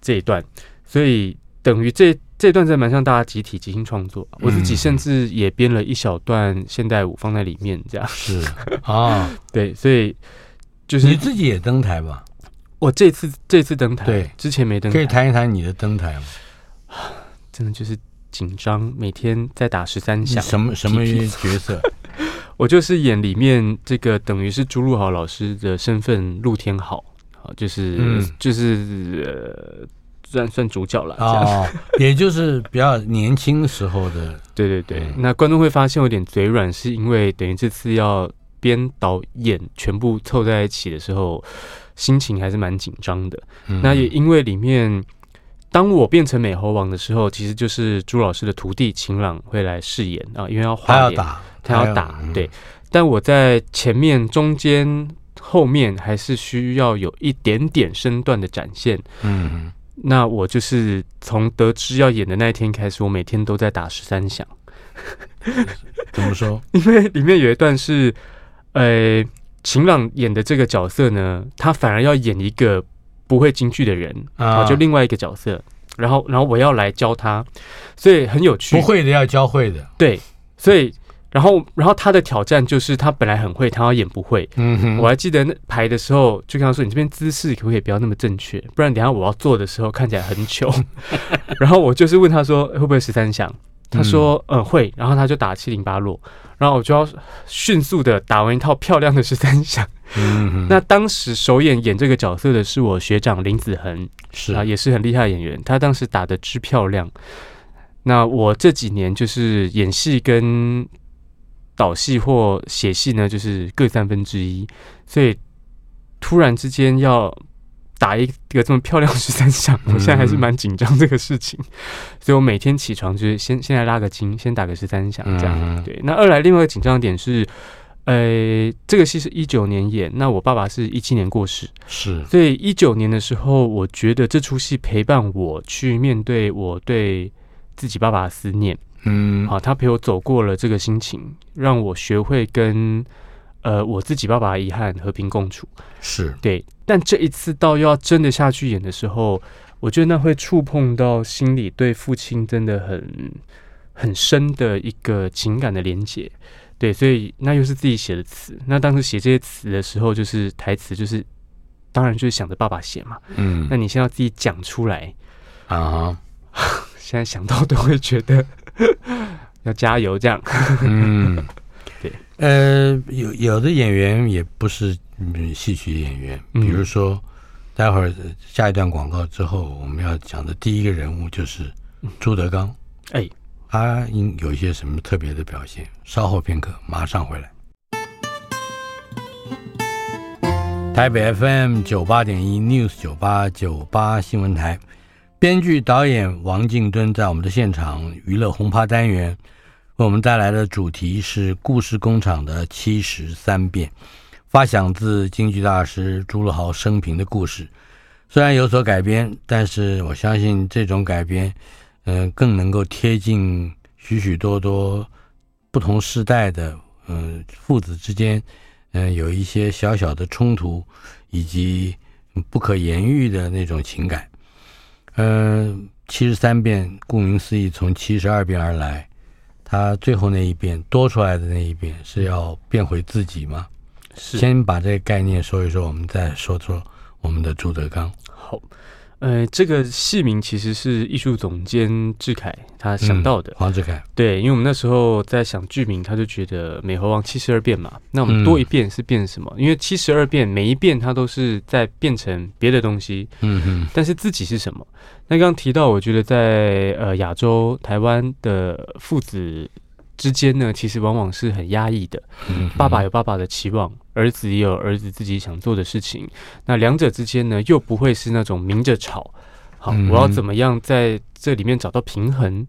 這一段。所以等於這。這段真的蠻像大家集體即興創作，啊嗯，我自己甚至也編了一小段現代舞放在裡面，這樣是啊， 對，所以就是你自己也登台吧？我這次這次登台，對，之前沒登台，可以談一談你的登台嗎？啊、真的就是緊張，每天在打十三下。什麼什麼角色？ 我就是演裡面這個，等於是朱陸豪老師的身份，露天好，好就是就是。嗯就是呃算算主角了，這樣子、哦，也就是比較年輕的時候的。 對對對，嗯、那觀眾會發現我有點嘴軟，是因為等於這次要編導演全部湊在一起的時候，心情還是蠻緊張的、嗯。那也因為裡面，當我變成美猴王的時候，其實就是朱老師的徒弟晴朗會來飾演啊，因為要花他要打，他要打。要打嗯、對，但我在前面、中間、後面還是需要有一點點身段的展現。嗯。嗯那我就是從得知要演的那一天開始，我每天都在打十三響。 怎麼說？因為裡面有一段是，呃、欸，晴朗演的這個角色呢，他反而要演一個不會京劇的人啊，就另外一個角色。然後，然後我要來教他，所以很有趣。不會的要教會的，對，所以。然後，然後他的挑戰就是他本來很會，他要演不會。嗯、我還記得那排的時候，就跟他說：“你這邊姿勢可不可以不要那麼正確？不然等一下我要做的時候看起來很糗。 ”然後我就是問他說：“會不會十三響？”他說：“嗯，嗯，嗯，會。”然後他就打七零八落，然後我就要迅速的打完一套漂亮的十三響，嗯。那當時首演演這個角色的是我學長林子恆，是啊，也是很厲害的演員。他當時打的之漂亮。那我這幾年就是演戲跟，導戲或寫戲呢，就是各三分之一，所以突然之間要打一個這麼漂亮十三響，我現在還是蠻緊張這個事情，嗯嗯，所以我每天起床就是先先來拉個筋，先打個十三響這樣。嗯嗯，對，那二來，另外一個緊張點是，呃，這個戲是一九年演，那我爸爸是一七年過世，是，所以一九年的時候，我覺得這出戲陪伴我去面對我對自己爸爸的思念。嗯，好，他陪我走過了這個心情，讓我學會跟呃我自己爸爸的遺憾和平共處。是對，但這一次到要真的下去演的時候，我覺得那會觸碰到心裡對父親真的很很深的一個情感的連接。對，所以那又是自己寫的詞。那當時寫這些詞的時候，就是台詞，就是當然就是想着爸爸寫嘛。嗯，那你現在自己講出來啊、uh-huh，現在想到都會覺得。 要加油，這樣。嗯，對。呃，有有的演員也不是戲、嗯、曲演員，比如說，嗯、待會兒下一段廣告之後，我們要講的第一個人物就是朱德剛。哎、嗯，他應有一些什麼特別的表現？稍後片刻，馬上回來。嗯、台北 FM 九八點一 News 九八九八新聞台。編劇導演王靖惇在我們的現場娛樂轟趴單元為我們帶來的主題是《故事工廠的七十三變》，發想自京劇大師朱陸豪生平的故事。雖然有所改編，但是我相信這種改編，嗯，更能夠貼近許許多多不同世代的，嗯，父子之間，嗯，有一些小小的衝突，以及不可言喻的那種情感。嗯、呃，七十三變，顧名思義，從七十二變而來，它最後那一變多出來的那一變是要變回自己嗎？是，先把這個概念說一說，我們再說說我們的朱德剛。好。呃，這個戲名其實是藝術總監志凱他想到的，嗯、黃志凱。對，因為我們那時候在想劇名，他就覺得《美猴王七十二變》嘛，那我們多一變是變什麼？嗯、因為七十二變每一變它都是在變成別的東西，嗯嗯，但是自己是什麼？那剛剛提到，我覺得在呃亞洲台灣的父子。之間呢，其實往往是很壓抑的，嗯。爸爸有爸爸的期望，兒子也有兒子自己想做的事情。那兩者之間呢，又不會是那種明着吵。好，我要怎麼樣在這裡面找到平衡？嗯、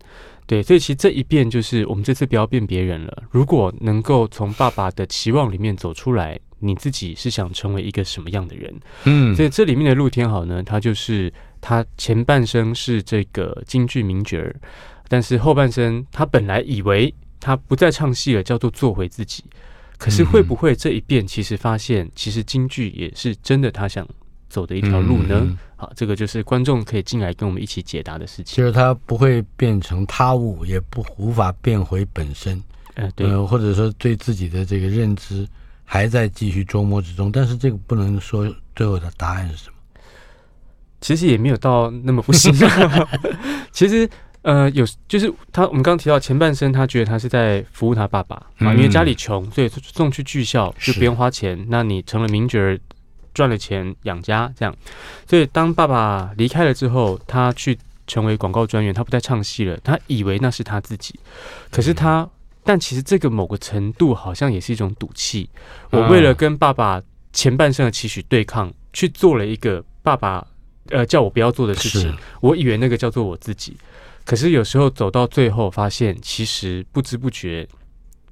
對，所以其實這一變就是我們這次不要變別人了。如果能夠從爸爸的期望裡面走出來，你自己是想成為一個什麼樣的人？嗯，所以這裡面的陸天豪呢，他就是他前半生是這個京劇名角兒，但是後半生他本來以為。他不再唱戲了，叫做做回自己。可是會不會這一遍，其實發現，其實京劇也是真的，他想走的一條路呢？嗯嗯嗯。好，這個就是觀眾可以進來跟我們一起解答的事情。其實他不會變成他物，也不無法變回本身。嗯、呃，對、呃，或者說對自己的這個認知還在繼續琢磨之中。但是這個不能說最後的答案是什麼。其實也沒有到那麼不行。 其實。呃，有就是他，我們剛剛提到前半生，他覺得他是在服務他爸爸啊、嗯，因為家裡窮，所以送去劇校就不用花錢。那你成了名角兒，賺了錢養家這樣。所以當爸爸離開了之後，他去成為廣告專員，他不再唱戲了。他以為那是他自己，可是他、嗯，但其實這個某個程度好像也是一種賭氣、嗯。我為了跟爸爸前半生的期許對抗，去做了一個爸爸呃叫我不要做的事情。我以為那個叫做我自己。可是有時候走到最後，發現其實不知不覺，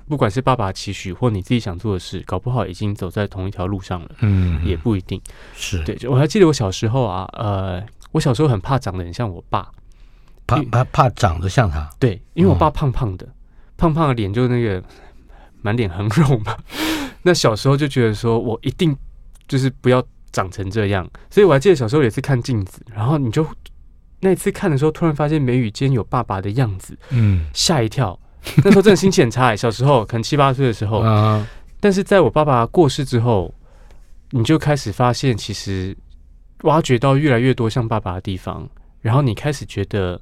不管是爸爸的期許或你自己想做的事，搞不好已經走在同一條路上了。嗯，也不一定是。對，我還記得我小時候啊，呃，我小時候很怕長得很像我爸，怕怕怕長得像他。對，因為我爸胖胖的，嗯、胖胖的臉就那個滿臉橫肉嘛。 那小時候就覺得說我一定就是不要長成這樣，所以我還記得小時候也是看鏡子，然後你就。那一次看的時候，突然發現眉宇間有爸爸的樣子，嗯，嚇一跳。那時候真的心情很差，哎， 小時候可能七八歲的時候、啊。但是在我爸爸過世之後，你就開始發現，其實挖掘到越來越多像爸爸的地方，然後你開始覺得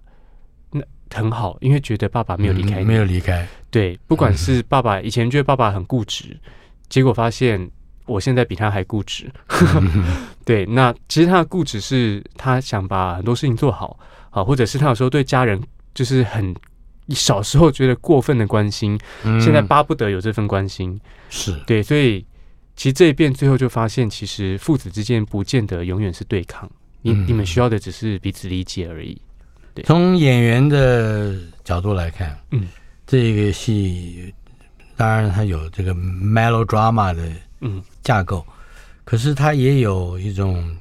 那很好，因為覺得爸爸沒有離開、嗯，沒有離開。對，不管是爸爸、嗯、以前覺得爸爸很固執，結果發現。我現在比他還固執，嗯、 對。那其實他的固執是他想把很多事情做好，好、啊，或者是他有時候對家人就是很小時候覺得過分的關心、嗯，現在巴不得有這份關心，是對。所以其實這一遍最後就發現，其實父子之間不見得永遠是對抗，嗯、你你們需要的只是彼此理解而已。對，從演員的角度來看，嗯，這個戲當然它有這個 melodrama 的。嗯，架構，可是它也有一種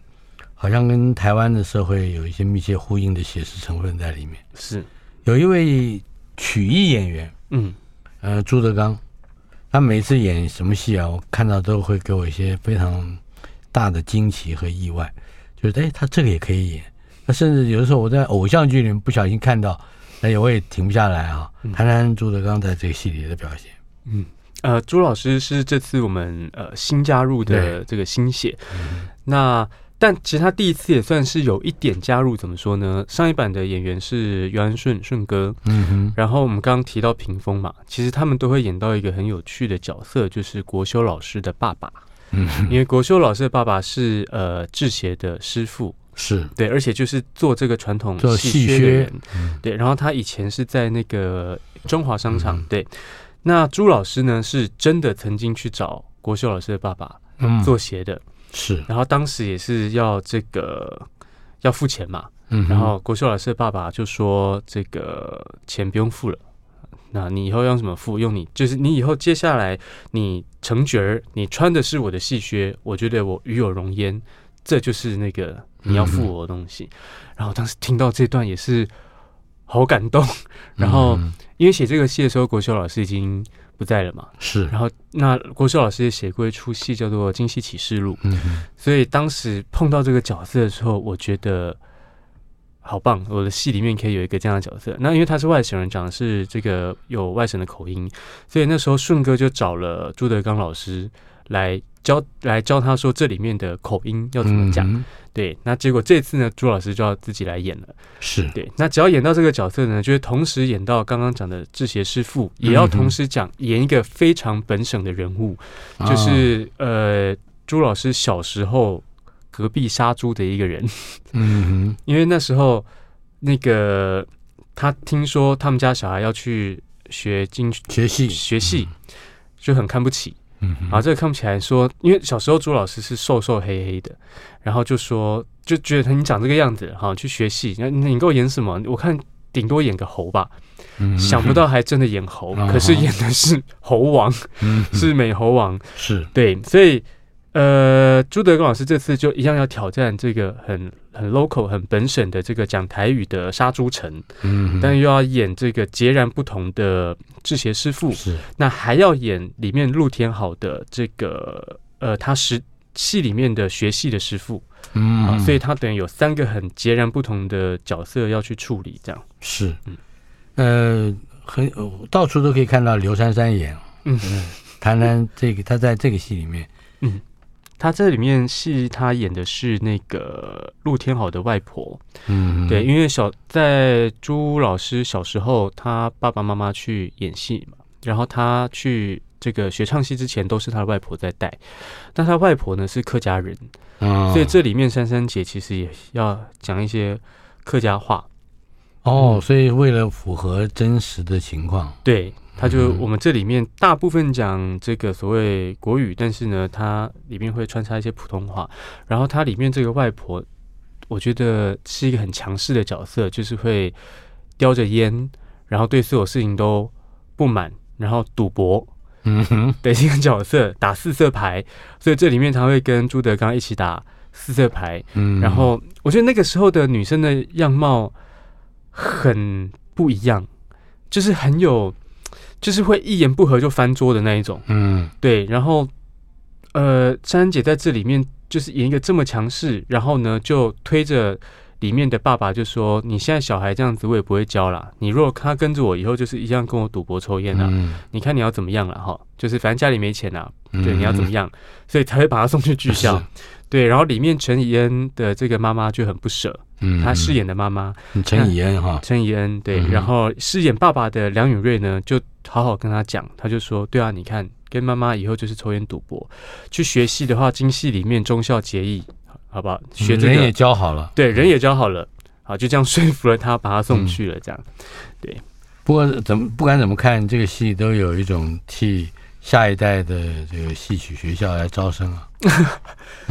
好像跟台灣的社會有一些密切呼應的寫實成分在裡面。是，有一位曲藝演員，嗯，呃，朱德剛，他每次演什麼戲啊，我看到都會給我一些非常大的驚奇和意外，就是哎、欸，他這個也可以演。那甚至有的時候我在偶像劇裡面不小心看到，哎、呃、我也停不下來啊，談談朱德剛在這個戲裡的表現。嗯。嗯呃，朱老師是這次我們呃新加入的這個新血。Yeah. 那但其實他第一次也算是有一點加入，怎麼說呢？上一版的演員是袁順順哥，嗯哼，然後我們剛剛提到屏風嘛，其實他們都會演到一個很有趣的角色，就是國修老師的爸爸。嗯哼，因為國修老師的爸爸是呃戲靴的師傅，是對，而且就是做這個傳統戲靴的人，對。然後他以前是在那個中華商場，嗯、對。那朱老師呢？是真的曾經去找國秀老師的爸爸、嗯、做鞋的，是。然後當時也是要這個要付錢嘛、嗯，然後國秀老師的爸爸就說：“這個錢不用付了，那你以後要用什麼付？用你就是你以後接下來你成角兒，你穿的是我的戲靴，我覺得我與有榮焉，這就是那個你要付我的東西。嗯”然後當時聽到這段也是。好感動，然後因為寫這個戲的時候，國修老師已經不在了嘛，是。然後那國修老師也寫過一齣戲叫做《京戲啟示錄》，嗯，所以當時碰到這個角色的時候，我覺得好棒，我的戲裡面可以有一個這樣的角色。那因為他是外省人，講的是這個有外省的口音，所以那時候順哥就找了朱德剛老師。來教來教他說這裡面的口音要怎麼講、嗯，對，那結果這次呢，朱老師就要自己來演了，是對，那只要演到這個角色呢，就是同時演到剛剛講的製鞋師傅，也要同時講演一個非常本省的人物，嗯、就是、啊、呃，朱老師小時候隔壁殺豬的一個人， 嗯，因為那時候那個他聽說他們家小孩要去學京劇學戲學戲、嗯、學戲，就很看不起。啊，這個看不起來說，因為小時候朱老師是瘦瘦黑黑的，然後就說就覺得你長這個樣子，哈、啊，去學戲，那你你給我演什麼？我看頂多演個猴吧、嗯哼哼，想不到還真的演猴，啊、可是演的是猴王，嗯、是美猴王，是對，所以。呃，朱德剛老師這次就一樣要挑戰這個很很 local、很本省的這個講台語的殺豬城，嗯，但又要演這個截然不同的製鞋師傅，是，那還要演裡面陸天好的這個呃，他是戲裡面的學戲的師傅，嗯、啊，所以他等於有三個很截然不同的角色要去處理，這樣是，嗯，呃，很到處都可以看到劉珊珊演，嗯，嗯談談這個他在這個戲裡面，嗯。他這裡面戲，他演的是那個陸天豪的外婆，嗯，對，因為小在朱老師小時候，他爸爸媽媽去演戲嘛，然後他去這個學唱戲之前，都是他的外婆在帶。但他外婆呢是客家人，哦，所以這裡面珊珊姐其實也要講一些客家話。哦，所以為了符合真實的情況，嗯，對。他就我們這裡面大部分講這個所謂國語，但是呢，它裡面會穿插一些普通話。然後它裡面這個外婆，我覺得是一個很強勢的角色，就是會叼着煙，然後對所有事情都不滿，然後賭博，嗯，哼，的一個角色，打四色牌。所以這裡面他會跟朱德剛一起打四色牌。嗯，然後我覺得那個時候的女生的樣貌很不一樣，就是很有。就是會一言不合就翻桌的那一種，嗯，對。然後，呃，珊姐在這裡面就是演一個這麼強勢，然後呢就推着裡面的爸爸就說：“你現在小孩這樣子，我也不會教了。你如果他跟着我以後，就是一樣跟我賭博抽煙吶、啊嗯，你看你要怎麼樣了哈？就是反正家裡沒錢吶、啊，對，你要怎麼樣？嗯、所以才會把他送去劇校。”對，然後裡面陳怡恩的這個媽媽就很不舍，嗯，她飾演的媽媽，陳怡恩哈，陳怡恩、嗯、陳怡恩對、嗯，然後飾演爸爸的梁允睿呢，就好好跟他講，他就說，對啊，你看，跟媽媽以後就是抽菸賭博，去學戲的話，京戲裡面忠孝節義，好不好，學這個嗯、人也教好了，對，人也教好了，嗯、好，就這樣說服了他，把他送去了、嗯，這樣，對。不過怎麼不管怎麼看這個戲，都有一種替下一代的這個戲曲學校來招生啊，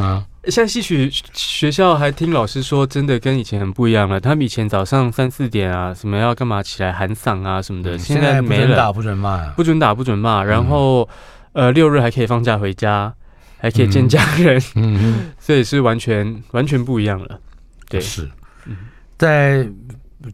啊。像戲曲學校還聽老師說，真的跟以前很不一樣了。他們以前早上三四點啊，什麼要幹嘛起來喊嗓啊什麼的，嗯、現在沒了。不准打，不准罵、啊。不准打，不准罵、嗯。然後，呃，六日還可以放假回家，還可以見家人。嗯嗯，這、嗯、也 是完全完全不一樣了。對，是在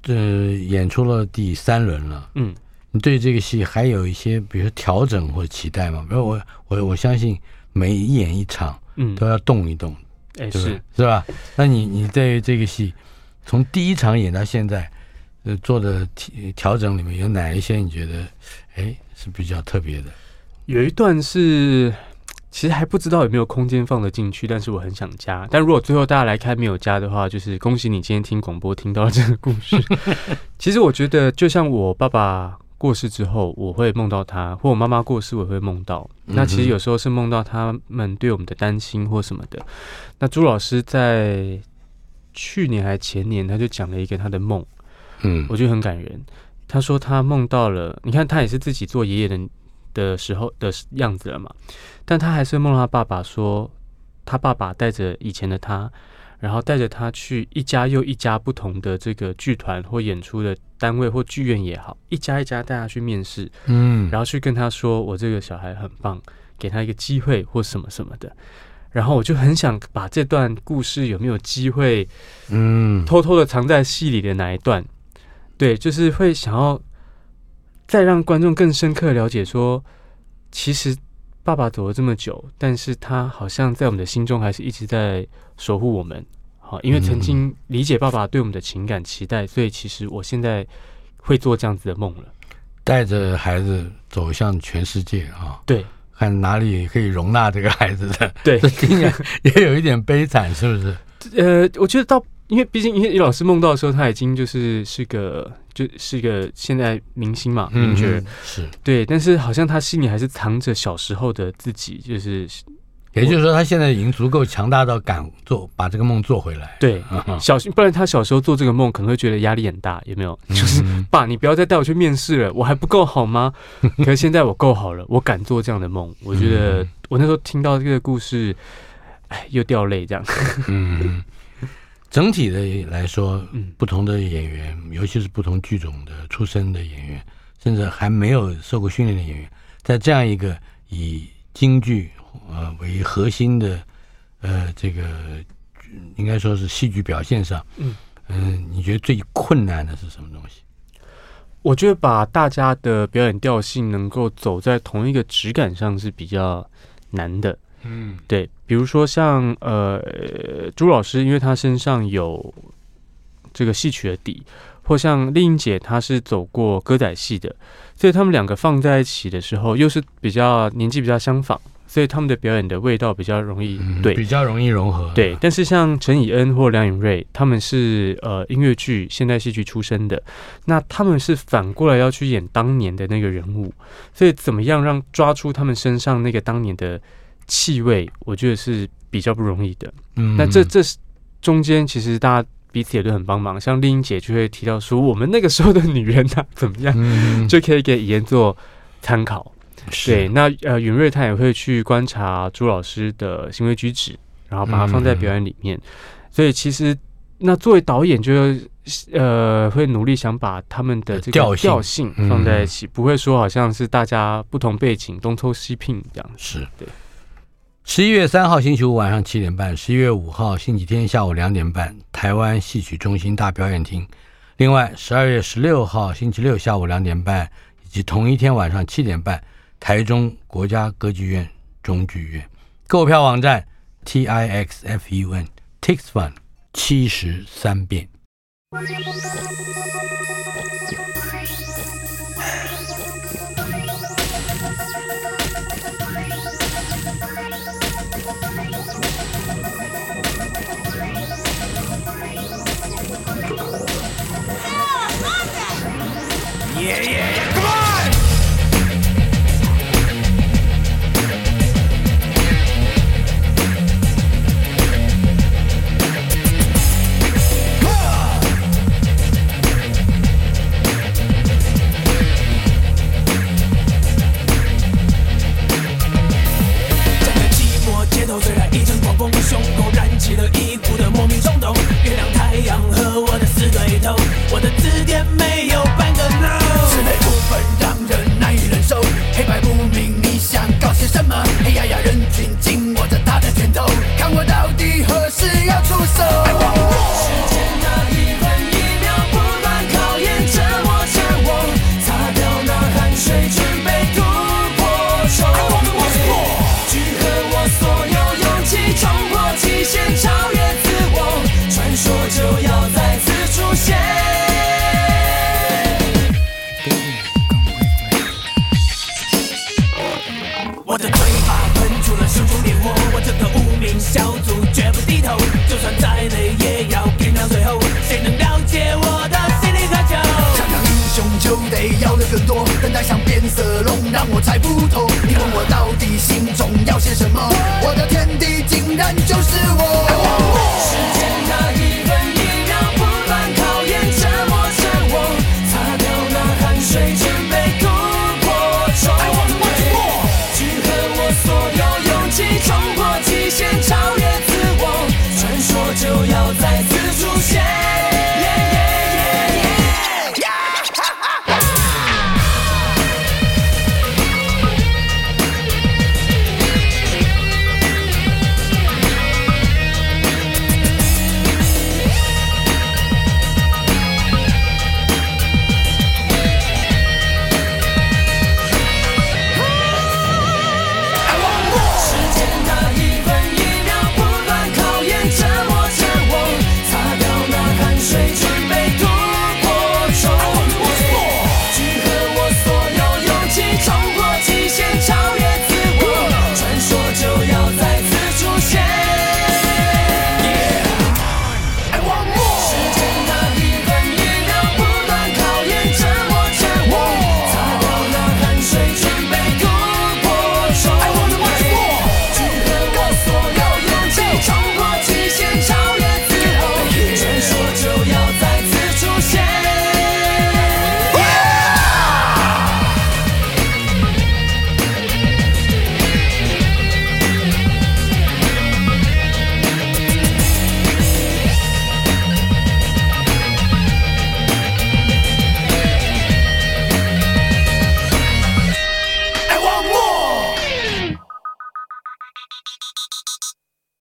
這演出了第三輪了。嗯，你對這個戲還有一些，比如調整或期待嗎？比如我我我相信。每一演一場，嗯，都要動一動，哎、欸，是是吧？那你你對這個戲從第一場演到現在，呃，做的調調整裡面有哪一些你覺得哎、欸，是比較特別的？有一段是其實還不知道有沒有空間放得進去，但是我很想加。但如果最後大家來看沒有加的話，就是恭喜你今天聽廣播聽到了這個故事。 其實我覺得就像我爸爸。過世之後，我會夢到他，或我媽媽過世我也，我會夢到。那其實有時候是夢到他們對我們的擔心或什麼的。那朱老師在去年還前年，他就講了一個他的夢，嗯，我覺得很感人。他說他夢到了，你看他也是自己做爺爺的的時候的樣子了嘛，但他還是夢到他爸爸說，他爸爸帶着以前的他。然後帶着他去一家又一家不同的這個劇團或演出的單位或劇院也好，一家一家帶他去面試，嗯，然後去跟他說：“我這個小孩很棒，給他一個機會或什麼什麼的。”然後我就很想把這段故事有沒有機會，嗯，偷偷的藏在戲裡的哪一段、嗯？對，就是會想要再讓觀眾更深刻了解說，說其實爸爸走了這麼久，但是他好像在我們的心中還是一直在，守護我們，好，因為曾經理解爸爸對我們的情感期待，嗯、所以其實我現在會做這樣子的夢了，帶着孩子走向全世界啊！對，看哪裡可以容納這個孩子的，對，也， 也有一點悲慘，是不是？呃，我覺得到，因為畢竟因為李老師夢到的時候，他已經就是是個，就是個現在明星嘛，名角、嗯、是，對，但是好像他心裡還是藏着小時候的自己，就是。也就是說，他現在已經足夠強大到敢做把這個夢做回來。對，嗯、小不然他小時候做這個夢可能會覺得壓力很大，有沒有？就是、嗯、爸，你不要再帶我去面試了，我還不夠好嗎？可是現在我夠好了， 我敢做這樣的夢。我覺得、嗯、我那時候聽到這個故事，哎，又掉淚這樣子。嗯，整體的來說，不同的演員，嗯、尤其是不同劇種的出身的演員，甚至還沒有受過訓練的演員，在這樣一個以京劇。呃，為核心的，呃，這個應該說是戲劇表現上，嗯嗯、呃，你覺得最困難的是什麼東西？我覺得把大家的表演調性能夠走在同一個質感上是比較難的。嗯，對，比如說像呃朱老師，因為他身上有這個戲曲的底，或像麗英姐，她是走過歌仔戲的，所以他們兩個放在一起的時候，又是比較年紀比較相仿。所以他們的表演的味道比較容易，嗯、對比較容易融合。對，但是像陳以恩或梁穎瑞，他們是呃音樂劇、現代戲劇出身的，那他們是反過來要去演當年的那個人物，所以怎麼樣讓抓出他們身上那個當年的氣味，我覺得是比較不容易的。嗯，那這這是中間其實大家彼此也都很幫忙，像麗英姐就會提到說，我們那個時候的女人她、啊、怎麼樣、嗯，就可以給以恩做參考。對，那呃，雲瑞他也會去觀察朱老師的行為舉止，然後把它放在表演裡面。嗯、所以其實那作為導演就，就呃，會努力想把他們的這個調性放在一起，嗯、不會說好像是大家不同背景東湊西拼一樣。是對。十一月三號星期五晚上七點半，十一月五號星期天下午兩點半，台灣戲曲中心大表演廳。另外，十二月十六號星期六下午兩點半，以及同一天晚上七點半。台中國家歌劇院、中劇院，購票網站 t i x f u n TixFun 七十三變。耶耶。